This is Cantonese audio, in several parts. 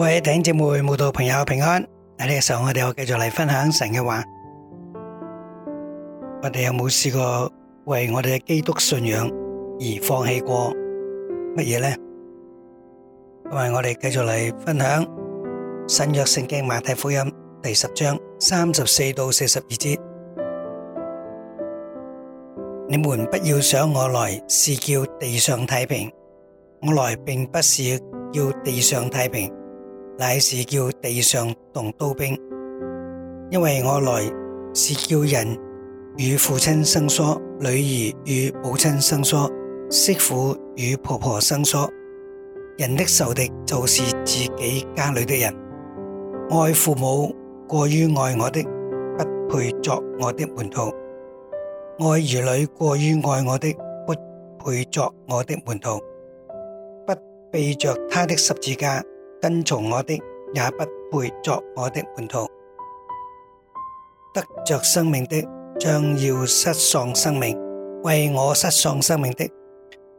各位，弟兄姐妹、慕道朋友平安。喺呢個時候，我哋又繼續嚟分享神嘅話。我哋有冇試過為我哋嘅基督信仰而放棄過乜嘢呢？咁啊，我哋繼續嚟分享新約聖經馬太福音第十章三十四到四十二節：你們不要想我來是叫地上太平，我來並不是叫地上太平。乃是叫地上動刀兵，因為我來是叫人與父親生疏，女兒與母親生疏，媳婦與婆婆生疏。人的仇敵就是自己家裏的人。愛父母過於愛我的，不配作我的門徒；愛兒女過於愛我的，不配作我的門徒。不背着他的十字架。跟從我的，也不配作我的門徒；得着生命的，將要失喪生命；為我失喪生命的，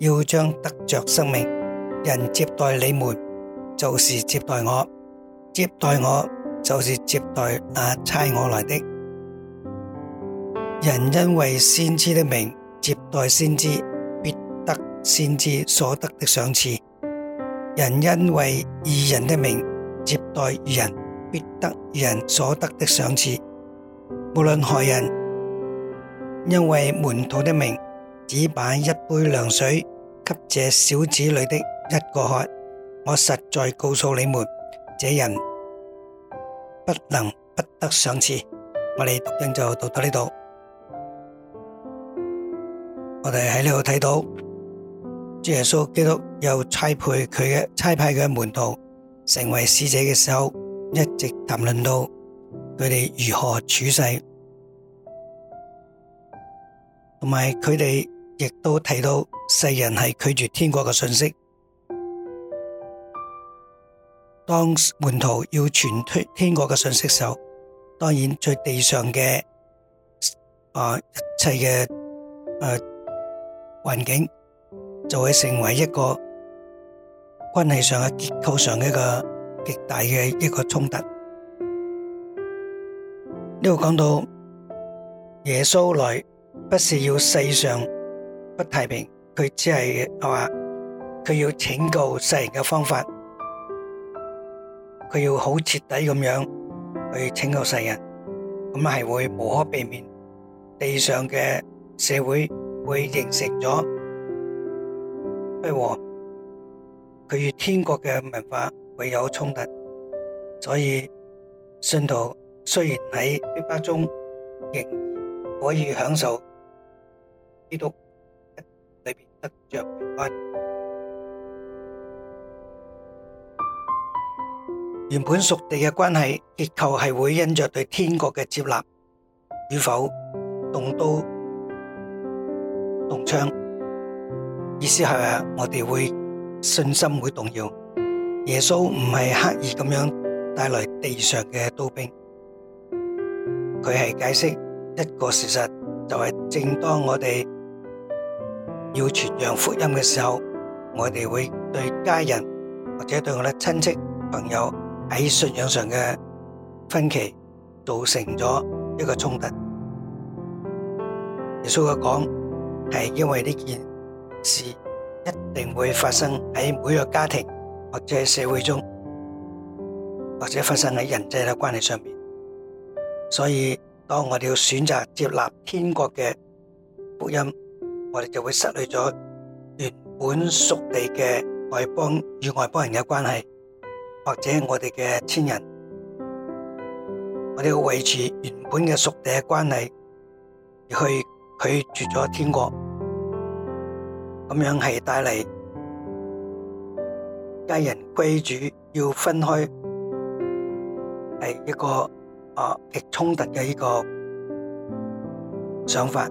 要將得着生命。人接待你們，就是接待我；接待我，就是接待那差我來的。人因為先知的名接待先知，必得先知所得的賞賜。人因為義人的名接待義人，必得義人所得的賞賜。無論何人，因為門徒的名，只把一杯涼水給這小子裏的一個喝。我實在告訴你們，這人不能不得賞賜。我哋讀經就讀到呢度，我哋喺呢度睇到。主耶穌基督又差派佢嘅差派佢嘅門徒成為使者嘅時候，一直談論到佢哋如何處世，同埋佢哋亦都提到世人係拒絕天國嘅信息。當門徒要傳推天國嘅信息時候，當然在地上嘅啊一切嘅誒、啊、環境。就會成為一個關係上嘅結構上一個極大嘅一個衝突。呢度講到耶穌來，不是要世上不太平，佢只係係嘛，佢要拯救世人嘅方法，佢要好徹底咁樣去拯救世人，咁係會無可避免地上嘅社會，會會形成咗。不佢與天國嘅文化會有衝突，所以信徒雖然喺逼迫中仍然可以享受基督裏面得着平安。原本屬地嘅關係結構係會因着對天國嘅接納與否動刀動槍。意思係啊，我哋會信心會動搖。耶穌唔係刻意咁樣帶來地上嘅刀兵，佢係解釋一個事實，就係正當我哋要傳揚福音嘅時候，我哋會對家人或者對我哋親戚朋友喺信仰上嘅分歧造成咗一個衝突。耶穌嘅講係因為呢件事一定會發生喺每個家庭，或者喺社會中，或者發生喺人際嘅關係上面。所以，當我哋要選擇接納天國嘅福音，我哋就會失去咗原本屬地嘅外邦與外邦人嘅關係，或者我哋嘅親人。我哋要維持原本嘅屬地嘅關係，而去拒絕咗天國。咁樣係帶嚟家人歸主要分開，係一個啊極衝突嘅一個想法。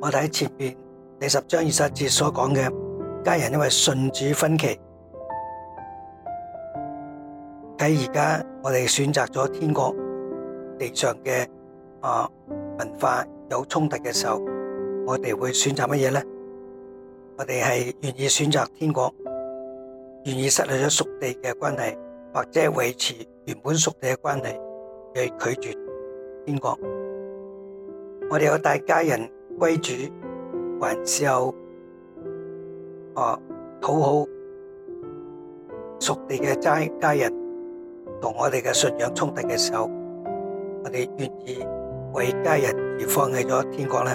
我哋喺前面第十章二十七節所講嘅家人因為順主分歧，喺而家我哋選擇咗天國地上嘅啊文化有衝突嘅時候。我哋會選擇乜嘢咧？我哋係願意選擇天國，願意失去咗屬地嘅關係，或者維持原本屬地嘅關係，去拒絕天國。我哋有帶家人歸主，還是有啊討好屬地嘅齋家人，同我哋嘅信仰衝突嘅時候，我哋願意為家人而放棄咗天國咧？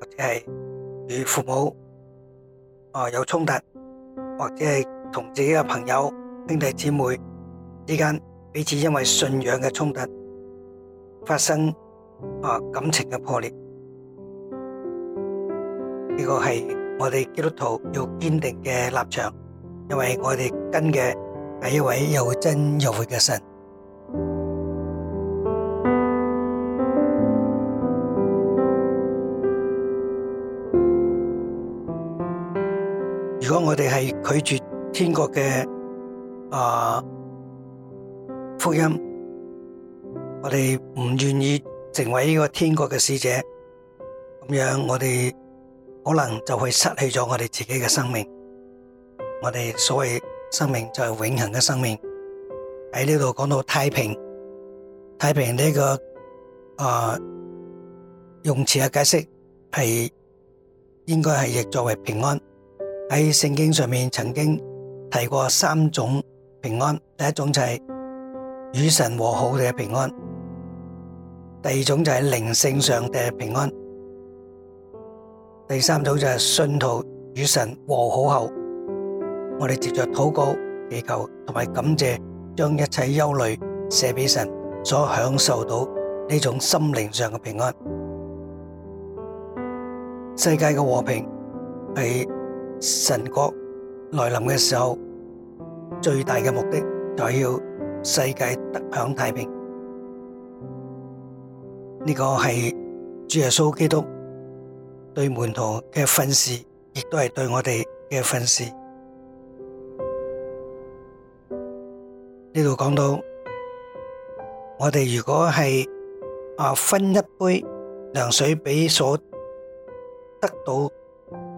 或者係與父母啊有衝突，或者係同自己嘅朋友、兄弟姊妹之間彼此因為信仰嘅衝突發生啊感情嘅破裂，呢個係我哋基督徒要堅定嘅立場，因為我哋跟嘅係一位又真又活嘅神。如果我哋係拒絕天國嘅啊福音，我哋唔願意成為呢個天國嘅使者，咁樣我哋可能就會失去咗我哋自己嘅生命。我哋所謂生命就係永恆嘅生命。喺呢度講到太平，太平呢個啊用詞嘅解釋係應該係亦作為平安。喺聖經上面曾經提過三種平安，第一種就係與神和好嘅平安，第二種就係靈性上嘅平安，第三種就係信徒與神和好後，我哋接着禱告祈求同埋感謝，將一切憂慮卸俾神，所享受到呢種心靈上嘅平安。世界嘅和平係。神國來臨嘅時候，最大嘅目的就係要世界得享太平。呢個係主耶穌基督對門徒嘅訓示，亦都係對我哋嘅訓示。呢度講到，我哋如果係啊分一杯涼水俾所得到。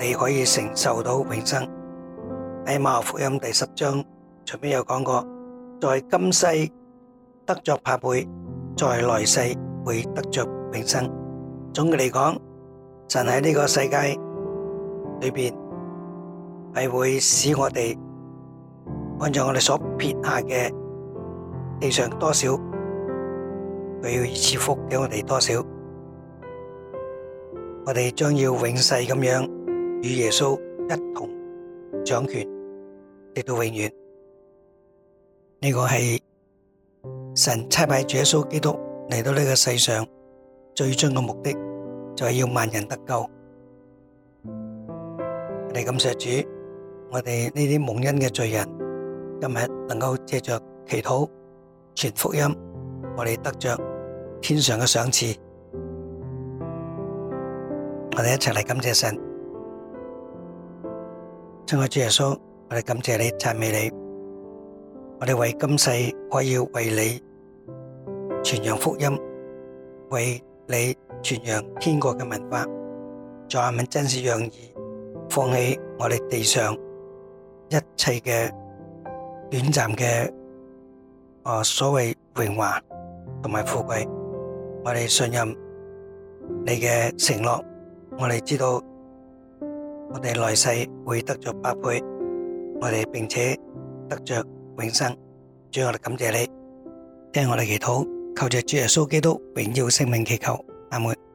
你可以承受到永生。喺馬可福音第十章，前面有講過，在今世得着百倍，在來世會得着永生。總嘅嚟講，神喺呢個世界裏邊係會使我哋按照我哋所撇下嘅地上多少，佢要賜福俾我哋多少，我哋將要永世咁樣。與耶穌一同掌權，直到永遠。呢個係神差派主耶穌基督嚟到呢個世上，最終嘅目的就係要萬人得救。我哋感謝主，我哋呢啲蒙恩嘅罪人，今日能夠借着祈禱、傳福音，我哋得着天上嘅賞賜。我哋一齊嚟感謝神。親愛的主耶穌，我哋感謝你，讚美你，我哋為今世可以為你傳揚福音，為你傳揚天國嘅文化，在下面真是願意放棄我哋地上一切嘅短暫嘅啊所謂榮華同埋富貴，我哋信任你嘅承諾，我哋知道。我哋來世會得着百倍，我哋並且得着永生。最後我哋感謝你，聽我哋祈禱，求着主耶穌基督永耀生命祈求阿門。